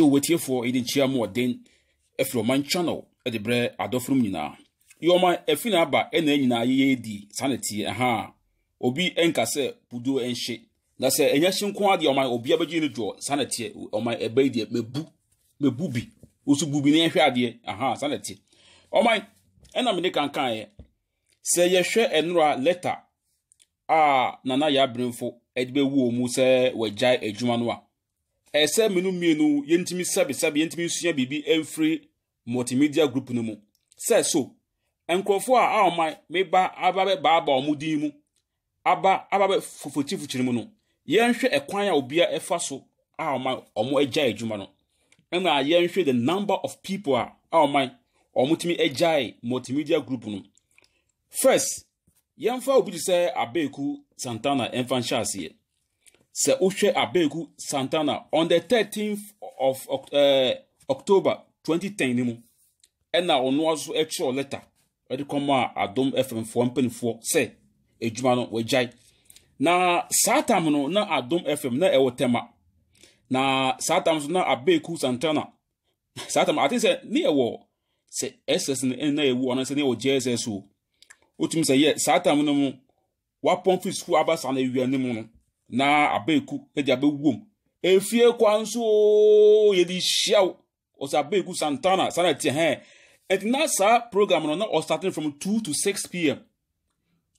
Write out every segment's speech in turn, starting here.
nhyɛ owó tiefoɔ yɛde nhyia mu ɔden ɛfiri ɔman channel ɛde brɛ adɔfo mu nyinaa yɛ ɔman ɛfi na aba ɛna nyinaa yɛyɛ di saa na tie ɛha obi ɛnka sɛ buduo ɛnhyɛ na sɛ ɛnyɛ hyɛ nko adeɛ ɔman obi abɛgye ne dwoɔ saa na ɔman ɛbɛ yi deɛ mɛbu mɛbu bi wosu bu bi na ɛhwɛ adeɛ ɛha saa na ɔman ɛna mene kankan yɛ sɛ yɛhwɛ ɛnora letter a nana yɛ abirifo ɛde bɛwu omu sɛ wɔagyae adwuma no a ɛsɛ mmienu mmienu yɛntumi sabisabi yɛntumi nsua biribi ɛmfiri multimedia group no mu sɛ so nkurɔfoɔ a aoma meba aba bɛbaaba ɔmo din mu aba aba bɛ fofokyirifokyiri mu no yɛnhwɛ ɛkwan a obia fa so aoma ɔmo agya adwuma no ɛna yɛnhwɛ the number of people a aoma ɔmo tumi agyae multimedia group no first yɛmfa obi te sɛ abeeku santana ɛmfa nhyɛ aseɛ sɛ wohwɛ abegu santana on the 13th of uh, october 2010 ni mu ɛna ɔno nso ɛkyerɛ leta ɛde kɔma adom fm foɔ mpanimfoɔ sɛ adwuma no wagyae na saa tam no na adom fm na ɛwɔ tɛma na saa tam so na abegu santana saa tam ate sɛ ne ɛwɔ sɛ ss no ɛna ɛwu ɔno sɛ ne ɛwɔ jss o wotumi sɛ yɛ saa tam no mu wapɔn fi sukuu aba saa no awia mu no na abeku ɛde abɛwom efie kwa nso yɛde hyia ɔsɛ abeku santana sanna tiɛ hɛn ɛti na program no na starting from two to six pm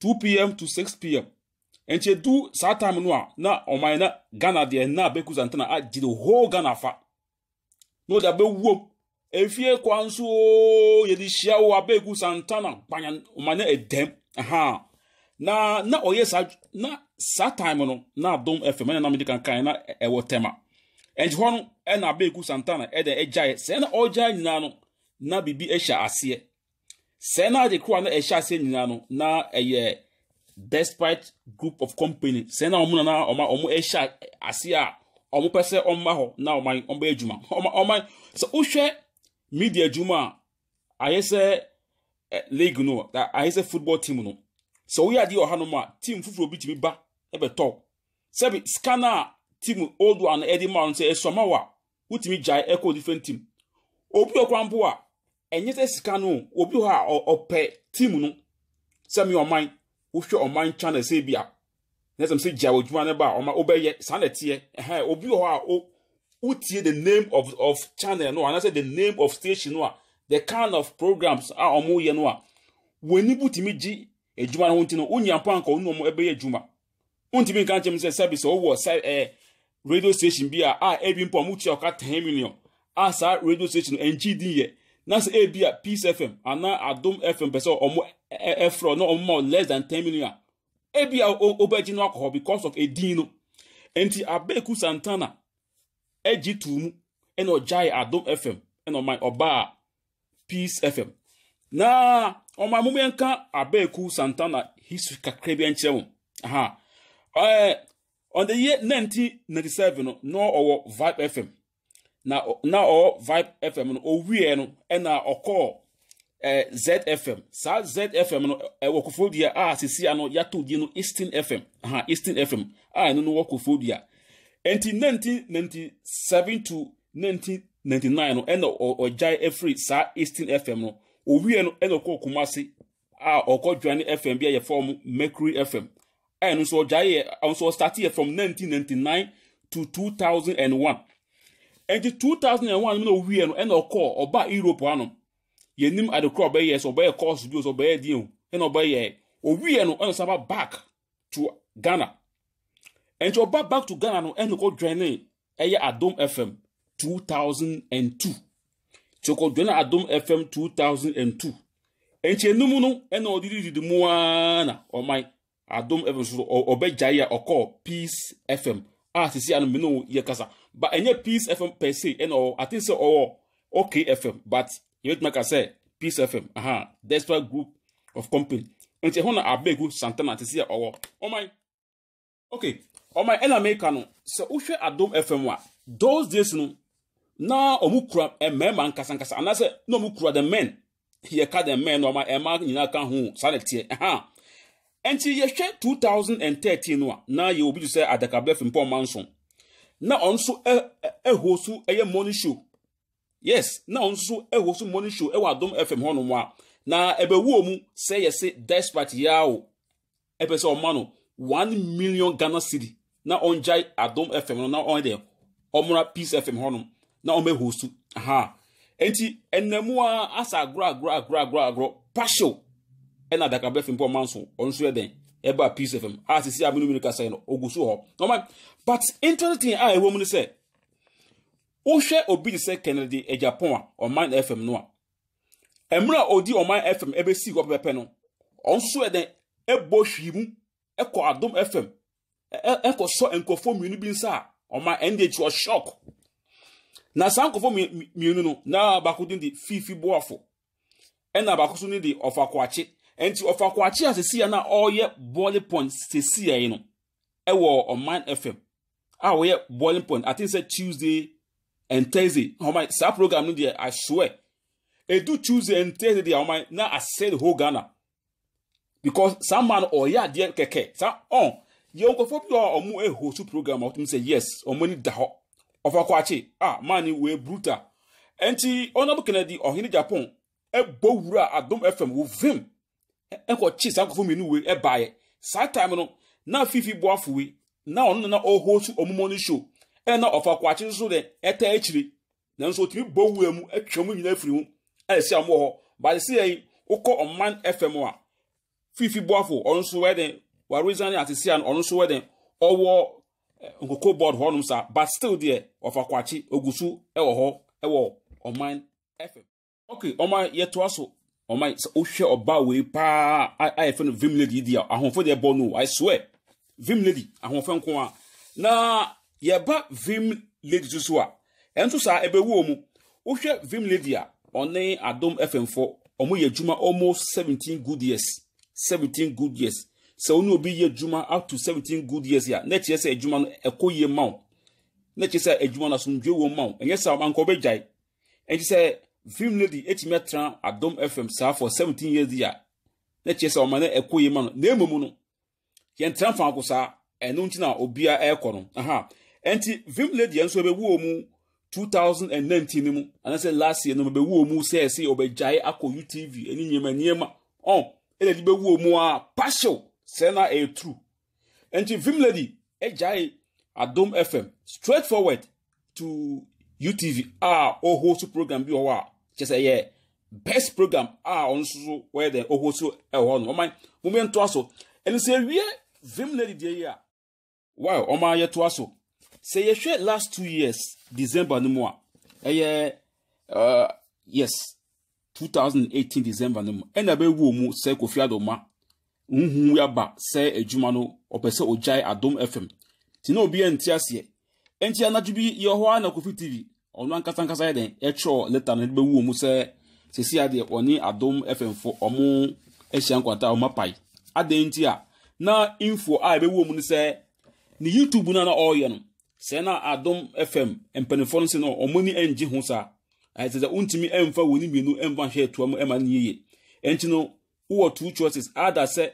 two pm to six pm nti saa time no na ɔman na ghana deɛ na abeku santana agye the whole ghana fa na ɔde abɛwom efie kwa nso yɛde abeku santana gbanya ɔman na ɛdɛm na na ɔyɛ sa na saa time no na adom fm ɛna nam de kankan na ɛwɔ tema ɛnti hɔ no ɛna abeeku santana ɛna ɛgyae sɛɛ na ɔgyae nyinaa na biribi ɛhyɛ aseɛ sɛɛ na ade kura na ɛhyɛ aseɛ nyinaa na ɛyɛ despite group of company sɛɛ na ɔmo na ɔmo ɔmo ɛhyɛ aseɛ a ɔmo pɛ sɛ hɔ na ɔmo ɔmo bɛ adwuma ɔmo ɔmo sɛ wohwɛ media adwuma a ayɛ sɛ league no ayɛ sɛ football team no. sɛ woyɛ adeɛ wɔ hanom a team foforɔ bi tumi ba bɛtɔ sɛbi scanner a team old one ɛde ma no sɛ ɛsɔma wo a wotumi gyae ɛkɔ different team obi wɔ kwan po a ɛnyɛ sɛ sika no obi hɔ a ɔpɛ team no sɛmi ɔman wohwɛ ɔman channel sɛ bi a na sɛm sɛ gya wɔ adwuma no ba a ɔma wobɛyɛ saa na ɛteɛ ɛhɛn obi wɔ hɔ a o wotie the name of of channel no anaasɛ the name of station no a the kind of programs a ɔmo yɛ no a wɔn ani bu tumi gye edwuma no ho nti no wonya mpo anka wo nom ɛbɛyɛ adwuma wontumi nka nkyɛm sɛ sɛbi sɛ wowɔ sɛ eh, radio station bi a a ebi mpo a motua ɔka 10 million a saa radio station no ɛnkyi din yɛ na sɛ ebi a peace fm anaa adom fm pɛ sɛ ɔmo ɛfrɛ na ɔmo ma less than ten million a e ebi a obɛgye no akɔ hɔ because of edin no nti abeku santana ɛgye tuu mu ɛna ɔgyae adom fm ɛna ɔman ɔbaa peace fm na ọmamume nka abeku santana history kakra nkyerɛ wo aha ɛɛ ɔde yɛ 1997 no na ɔwɔ vibe fm na na ɔwɔ vibe fm no owie no na ɔkɔɔ ɛɛ zfm saa zfm no ɛwɔ kofodua a sisi ano yato die no eastern fm aha eastern fm a ɛno no wɔ kofodua nti 1997 to 1999 no ɛna ɔgyae efiri saa eastern fm no. owie no ɛna ɔkɔ kumase a ɔkɔ dwane fm bi a yɛfɔ mu mercury fm ɛno e, nso ɔgyae yɛ nso ɔstarte yɛ from 1999 to 2001 nti 2001 na owie no ɛna ɔkɔ ɔba europe ano yɛnim adekorɔ ɔbɛyɛ sɛ ɔbɛyɛ course bi o sɛ ɔbɛyɛ deɛ o ɛna ɔbɛyɛ owie no ɛna saba back to ghana nti ɔba back to ghana no ɛna ɔkɔ dwane ɛyɛ adom fm 2002 sokodwene adom fm 2002 ɛnkyɛ enum no ɛna ɔde didi mu ara na ɔman adom fm so ɔbɛgyae a ɔkɔɔ peace fm a sisi ano mene wo yɛ kasa But ɛnyɛ peace fm per se ɛna ɔwɔ ate sɛ ɔwɔ ok fm but yɛbɛtumi aka sɛ peace fm aha despite group of company nti ɛho na abegu santana te sɛ ɔwɔ ɔman ok ɔman ɛna meka no sɛ wohwɛ adom fm a those days no na ɔmu kura eh, mmarima nkasankasa anaasɛ na ɔmu kura the men ka the men eh, na ɔma mmaa nyinaa ka ho saa na teɛ ɛha nti yɛhwɛ 2013 no a na yɛ obi sɛ adakabɛ fimpɔ ɔma nson na ɔno nso ɛho so ɛyɛ morning show yes na ɔno nso ɛho eh, so morning show ɛwɔ adom fm hɔnom a na ɛbɛwuo mu sɛ yɛse despite yaw ɛpɛ sɛ ɔma no one million ghana city na ɔngyae adom fm no na ɔn deɛ ɔmmra peace fm hɔnom na wɔn host aha nti nnamua asa agorɔ agorɔ agorɔ agorɔ agorɔ partial ɛna adakaba fm pɔ ɔman so ɔno nso yɛ den ɛba peace fm a sisi a minnu minnu kasa yi no ogu so hɔ normal but interesting a ɛwɔ mu no sɛ wohwɛ obi ne sɛ kennedy japan a ɔman fm no a mmerɛ a ɔdi ɔman fm ɛbɛsi hɔ pɛpɛpɛ no ɔno nso yɛ den ɛbɔ hwii mu ɛkɔ adom fm ɛkɔ sɔ nkɔfoɔ mmienu bi nsa a ɔman ndh wɔ shock na saa nkurɔfoɔ mmienu no na baako din de fifi boafo ɛna baako so ne de ɔfakoakye nti ɔfakoakye a sesi a na ɔreyɛ bɔɔle pɔn sesi a yi no ɛwɔ ɔman fm a wɔyɛ bɔɔle pɔn ati sɛ tuesday and thursday ɔman saa program no deɛ asoɛ edu tuesday and thursday deɛ ɔman na asɛ the whole ghana because saa man no ɔyɛ adeɛ kɛkɛ saa ɔn yɛn nkurɔfoɔ bi a wɔn ɛhosu program a wɔtum sɛ yes wɔn ani da hɔ. ọfakwachi a ah, mani wee bruta enti honorable kennedy ọhene japan ɛbɔ e wura adom fm wo vim ɛkɔ e, e kyi saa nkɔfo mmienu wei ɛbaeɛ saa time no na fifi boafo wei na ɔno na ɔhɔ otu ɔmumɔ no show ɛna na ɔfakwachi nso de ɛta akyire nanso otumi bɔ wura mu atwa mu nyinaa firi mu ɛyɛ si amu wɔ hɔ baasi si yɛn wokɔ ɔman fm a fifi boafo ɔno nso wɛdɛn warizan ne asesia no ɔno nso wɛdɛn ɔwɔ nkoko board hɔnom saa but still deɛ ɔfa kwakye ogu so wɔ hɔ wɔ ɔman fm okay ɔman yɛtoa so ɔman sɛ wohwɛ ɔbaa wei paa a yɛfɛ no vim lady di a ahomfo deɛ bɔ no i swear vim lady ahomfo nko a na yɛba vim lady so so a ɛnso saa ɛbɛwuo mu wohwɛ vim lady a ɔne adom fm4 ɔmo yɛ adwuma almost seventeen good years Seventeen good years sɛ wo ne obi yɛ adwuma up to 17 good years a na kyerɛ sɛ adwuma no ɛkɔ yie ma wo na kyerɛ sɛ adwuma no asomdwe wɔ ma wo ɛnyɛ sɛ anka wobɛgyae ɛnti sɛ film lady ɛtumi atena adom fm saa for 17 years di a na kyerɛ sɛ ɔma no ɛkɔ yie ma no na mmom no yɛntena mfaako saa ɛno nti na obia ɛrekɔ no aha ɛnti film lady nso ɛbɛwuo mu nineteen, no mu anaasɛ last year no ɛbɛwuo mu sɛ ɛsɛ ɔbɛgyae akɔ utv ɛne nneɛma nneɛma ɔn ɛna ɛde bɛwuo mu a pahyew sɛ na ɛyɛ true nti vim lady agyae adom fm straight forward to utv a ɔho so program bi wɔ hɔ a kyɛ sɛ ɛyɛ best program a ɔno nso so wɔyɛ dɛ ɔho so ɛwɔ hɔ no ɔman mumɛ ntoa so ɛno sɛ ɛwie vim lady deɛ yi a wow ɔma yɛtoa so sɛ yɛhwɛ last two years december no mu a ɛyɛ uh, yes 2018 december no mu ɛna bɛwuo mu sɛ kofi adoma nhu ya ba sɛ adwuma no ɔpɛ sɛ ogyae adom fm nti na obi nte aseɛ nti anadwo bi yɛ hɔ ara na kofi tv ɔno ankasa ankasa yɛ den ɛtwerɛ leta na de bɛwuo mu sɛ sesi adeɛ ɔne adom fm fo ɔmo ahyia nkwanta ɔmo apae adan nti a na info a ɛbɛwuo mu no sɛ ne youtube no a na ɔreyɛ no sɛ na adom fm mpanimfoɔ no sɛ no ɔmo ani ngye ho saa ɛsɛ sɛ wontumi mfa wɔn ni mmienu mfa hwɛ ɛtoa mu ma no no wowɔ two choices ada sɛ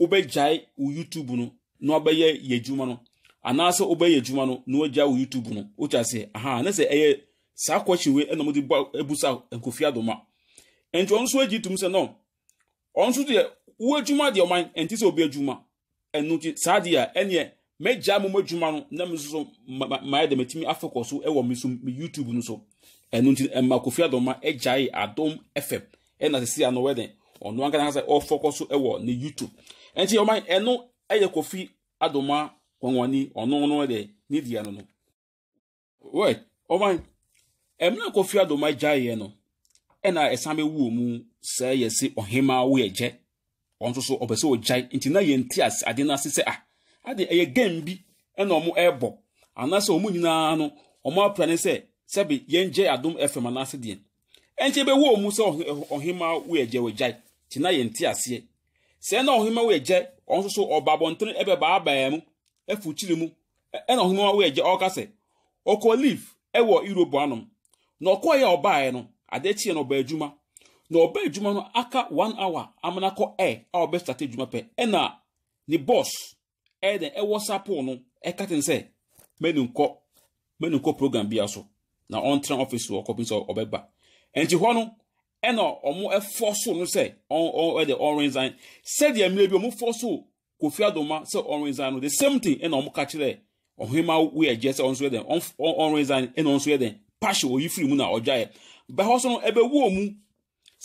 wobɛgyae wo youtube no na wabɛyɛ yɛ adwuma no anaasɛ wobɛyɛ adwuma no na wagyae wo youtube no wokya sɛ aha ne sɛ ɛyɛ saa question wei ɛna mode bu sa nkofia doma nti ɔno nso agyi tum sɛ no ɔno nso deɛ wo adwuma deɛ ɔman ɛnti sɛ obi adwuma ɛno nti saa deɛ a ɛneɛ mɛgya mo mo adwuma no na me soso maayɛ dɛ matumi afɔkɔ so ɛwɔ me so me youtube no so ɛno nti ɛma kofia doma ɛgyae adom fm ɛna sisi ano wɛdɛn ɔno anka na ɔfɔkɔ so wɔ ne youtube nti ɔman ɛno yɛ kofi adoma kɔnwani ɔno no deɛ ne deɛ no no wɛ ɔman ɛmuna kofi adoma gyaeɛ no ɛna e ɛsan bɛwu mu sɛ yɛ se ɔhema woyɛ gyɛ ɔn nso so ɔpɛ sɛ ɔgyae nti na yɛn ti ase ade sɛ ah ade ɛyɛ bi ɛna ɔmo ɛɛbɔ anaasɛ ɔmo nyinaa no ɔmo apra ne sɛ sɛbi yɛn adom deɛ ɔmo sɛ gyɛ tina yɛn ti aseɛ sɛɛ na ɔhema wo agya ɔno nso so ɔba abɔnten ɛbɛbaabaa mu kyiri mu ɛna ɔhema wo agya ɔreka sɛ ɔkɔ leaf ɛwɔ europe anom na ɔkɔɔ yɛ no ade kyiɛ na ɔbaa adwuma na aka one hour air a na boss no program bia na office no ɛna ɔmo ɛfɔ so no sɛ ɔn ɔn ɛde ɔrensan sɛdeɛ mmerɛ bi ɔmo fɔ so kofi adoma sɛ ɔrensan no the same thing ɛna ɔmo ka kyerɛ ɔhema wo yɛ gye sɛ ɔnso yɛ dɛ ɔrensan ɛna ɔnso yɛ dɛ pahyɛ oyi firi mu na ɔgya yɛ bɛhɔ so no ɛbɛwu ɔmu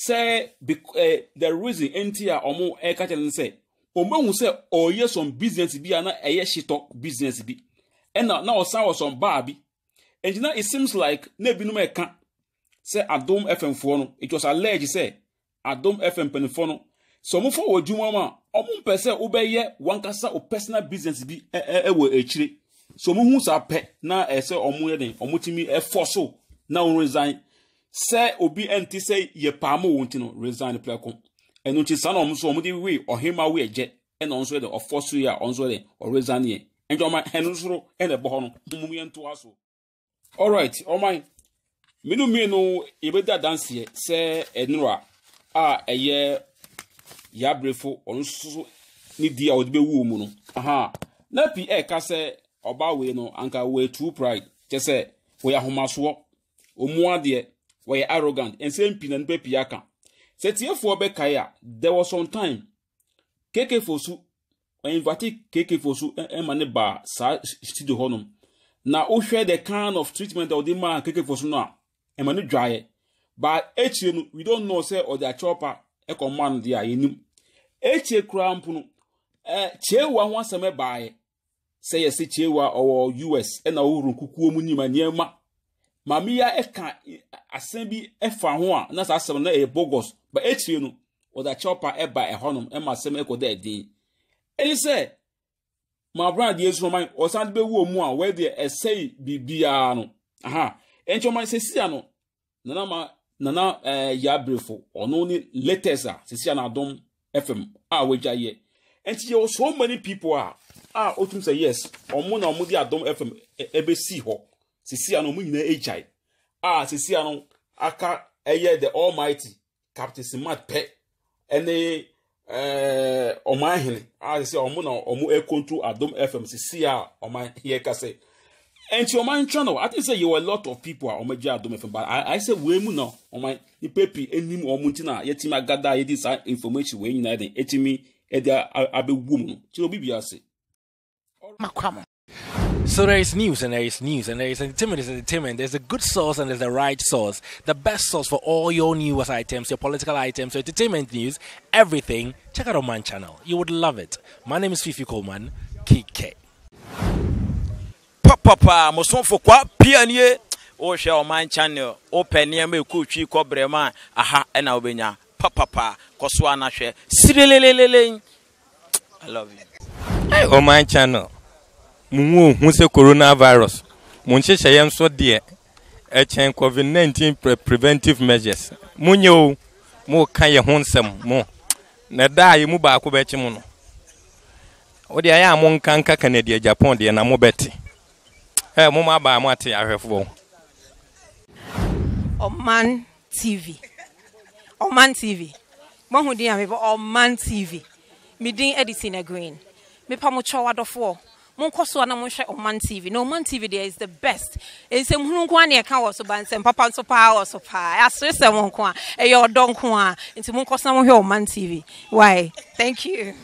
sɛ ɛɛ the reason ɛnti a ɔmo ɛka kyerɛ no sɛ ɔmo ehu sɛ ɔyɛ some business bi a na ɛyɛ shitɔ business bi ɛna na ɔsan wɔ some bar bi ɛnti na it seems like na ebinom ɛka sɛ adom fm no it was alleged sɛ adom fm mpanimfoɔ no sɛ ɔmofɔ wɔ adwuma mu a ɔmompɛ sɛ wankasa o personal business bi akyire sɛ ɔmohu na ɛsɛ sɛ yɛ den ɔmotumi ɛfɔ so na wo resign sɛ obi ɛnti sɛ yɛ paamo wo nti no resign saa na ɔmo ɔhema ɛna ɔnso yɛ ɔfɔ a ɔnso yɛ ɔresign mmienu mmienu yɛbɛdi adanseɛ sɛ ɛnura a ɛyɛ yabrefo ɔno nso ne di a ɔde bɛwu mu no aha na pii ɛka sɛ ɔbaa wei no anka wɔyɛ true pride kyɛ sɛ wɔyɛ ahomasoɔ ɔmo adeɛ wɔyɛ arrogant nsɛm pii na nipa pii aka sɛ tiefoɔ bɛkae a there was some time kekefo so ɔinvate kekefo so ɛma ne baa saa studio hɔnom na wohwɛ the kind of treatment a wɔde maa kekefo so no a ɛma no dwaeɛ baa no we don't know sɛ ɔde akyɛwpa ɛkɔma no deɛ a yɛnim akyire koraa mpo no kyeewa ho asɛm ɛbaeɛ sɛ yɛsɛ kyeewa ɔwɔ us ɛna ɔworo nkukuo mu nyima nneɛma maame ya ɛka asɛm bi ɛfa ho a na saa asɛm no ɛyɛ bogus ba akyire no ɔde akyɛwpa ɛba ɛhɔnom ɛma asɛm ɛkɔ dɛ ɛden ɛne sɛ maabran deɛ nso ɔsan de bɛwu mu a wɔde ɛsɛe biribiara nana ma nana ɛɛ eh, yabrefo ɔno ne latest ah, a sisi a n'adɔm fm a wagya yɛ nti yɛ wɔ so many people ah, a a otum sɛ yes ɔmo na ɔmo di adɔm fm ɛbɛsi e, hɔ sisi a no ɔmo nyinaa agyae e a sisi a no aka ɛyɛ the almighty captain smart pɛ ɛne ɛɛ ɔmo eh, ahene a sisi a ɔmo na ɔmo e ɛkɔntu adɔm fm sisi a ɔmo yɛ kase. a lot of people but i i mu information So there is news and there is news and there is entertainment, there's entertainment. There's a good source and there's the right source. The best source for all your news items, your political items, your entertainment news, everything. Check out our channel. You would love it. My name is Fifi Coleman, KK. papa mosomfo kwa pianie wohwɛ ɔman channel wopɛ nneɛma ɛkɔtwi kɔbrɛm a aha ɛna wobɛnya papapa kɔ so a nahwɛ sirelelelelen i love you hey, ɔman channel muhu ohu sɛ coronavirus mo nhyehyɛeɛ nso deɛ ɛkyɛn covid-19 pre preventive measures monyɛ o moka yɛ ho nsɛm mo na da a yɛ mu baako bɛkye mo no wode ayɛ a monka nka kanadia japan deɛ na mobɛte ẹ eh, mo máa bá a àti ahwẹfọ. Oman TV Oman TV mo hu din a mi bɔ Oman TV mi din Edithina Green mi pa mo kyɛw adɔfoɔ mo nkɔ so a mo nhwɛ Oman TV na Oman TV deɛ is the best nsɛm e hunu e e nko a ɛka wɔ so ba nsɛm papa nso paa wɔ so paa asere sɛm nko a ɛyɛ ɔdɔ nko a nti mo nkɔ so na mo hwɛ Oman TV why thank you.